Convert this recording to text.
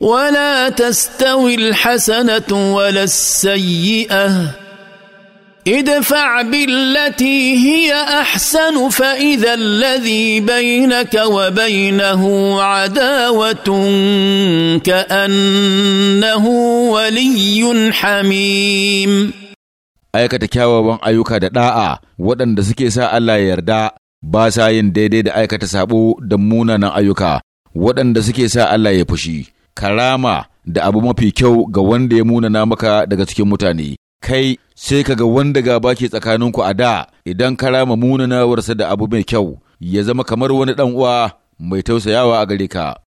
ولا تستوي الحسنه ولا السيئه ادفع بالتي هي احسن فاذا الذي بينك وبينه عداوه كانه ولي حميم aikata kyawawan ayyuka da ɗa'a waɗanda suke sa Allah ya yarda ba sa yin daidai da aikata sabo da munanan ayyuka waɗanda suke sa Allah ya fushi karama da abu mafi kyau ga wanda ya munana maka daga cikin mutane kai sai ka ga wanda gaba ke tsakaninku a da idan karama warsa da abu mai kyau ya zama kamar wani ɗan uwa mai tausayawa a gare ka